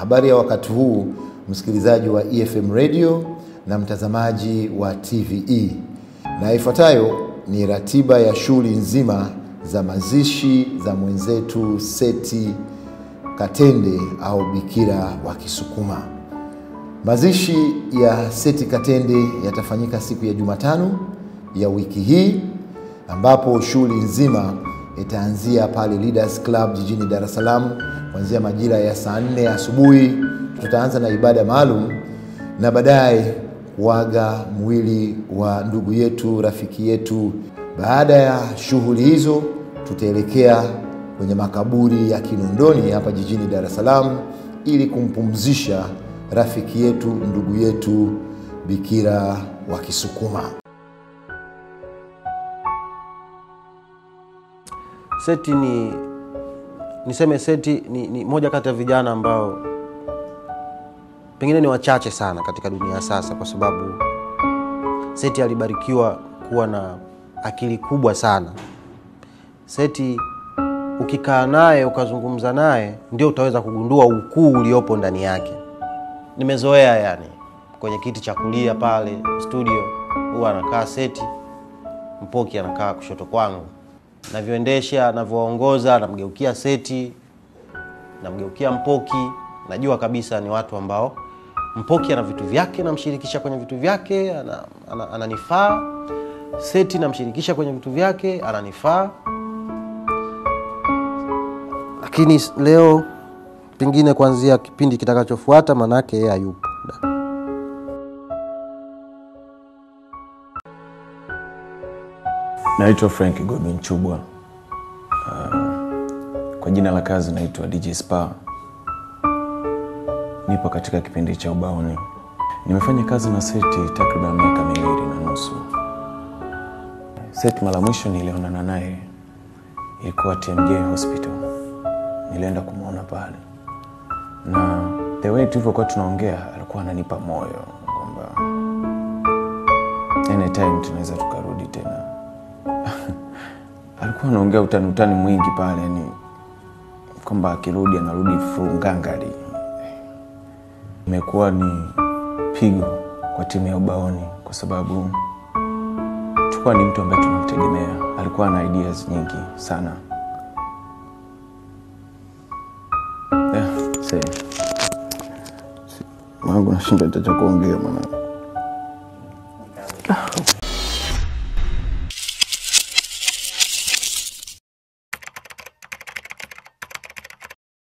Habari ya wakati huu msikilizaji wa EFM radio na mtazamaji wa TVE, na ifuatayo ni ratiba ya shughuli nzima za mazishi za mwenzetu Seth Katende au Bikira wa Kisukuma. Mazishi ya Seth Katende yatafanyika siku ya Jumatano ya wiki hii ambapo shughuli nzima itaanzia pale Leaders Club jijini Dar es Salaam kuanzia majira ya saa nne asubuhi. Tutaanza na ibada maalum na baadaye kuaga mwili wa ndugu yetu, rafiki yetu. Baada ya shughuli hizo, tutaelekea kwenye makaburi ya Kinondoni hapa jijini Dar es Salaam ili kumpumzisha rafiki yetu, ndugu yetu Bikira wa Kisukuma. Seti ni niseme Seti ni, ni moja kati ya vijana ambao pengine ni wachache sana katika dunia sasa, kwa sababu Seti alibarikiwa kuwa na akili kubwa sana. Seti ukikaa naye ukazungumza naye, ndio utaweza kugundua ukuu uliopo ndani yake. Nimezoea yani, kwenye kiti cha kulia pale studio huwa anakaa Seti, Mpoki anakaa kushoto kwangu navyoendesha, navyoongoza namgeukia Seti, namgeukia Mpoki, najua kabisa ni watu ambao Mpoki ana vitu vyake, namshirikisha kwenye vitu vyake, ananifaa ana, ana Seti namshirikisha kwenye vitu vyake, ananifaa. Lakini leo pengine kuanzia kipindi kitakachofuata, maanake yeye hayupo. Naitwa Frank Godwin Chubwa. Uh, kwa jina la kazi naitwa DJ Spa. Nipo katika kipindi cha ubaoni. Nimefanya kazi na Seti takriban miaka miwili na nusu. Seti mara mwisho nilionana naye ilikuwa TMJ Hospital, nilienda kumwona pale, na the way tulivyokuwa tunaongea alikuwa ananipa moyo kwamba anytime tunaweza tukarudi tena alikuwa anaongea utani utani mwingi pale, ni kwamba akirudi anarudi furungangari. Imekuwa ni pigo kwa timu ya ubaoni, kwa sababu tulikuwa ni mtu ambaye tunamtegemea, alikuwa na ideas nyingi sana yeah, mwanangu, nashinda nitacha kuongea mwanangu. Ah,